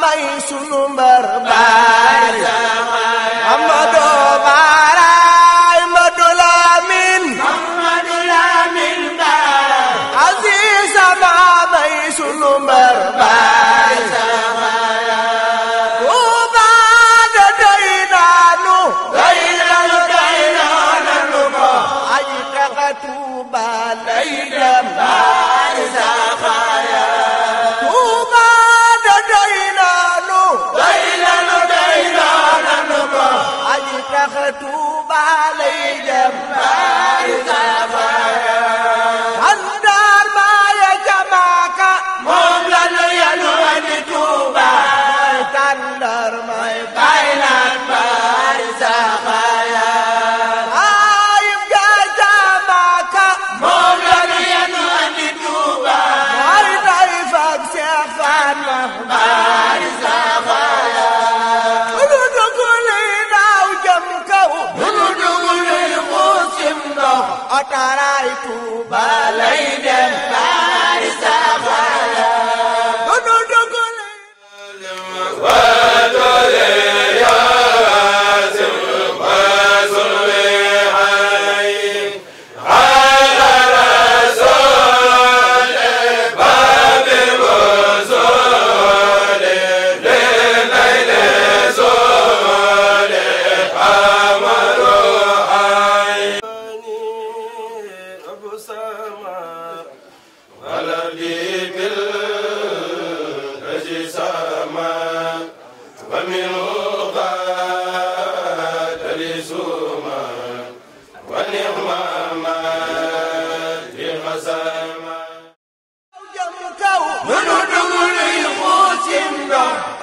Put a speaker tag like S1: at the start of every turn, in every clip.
S1: may sunu mbar baay Amadu baaraay Madu Lamin Amadu Lamin baar Aziz ma may sunu mbar baay Tuuba lay dem Tuuba lay wa taraay Tuuba la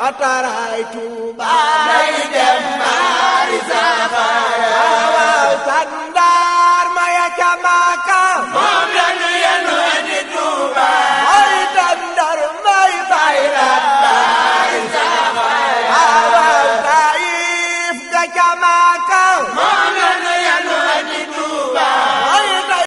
S1: ataraay Tuuba day dem Marisa ذاك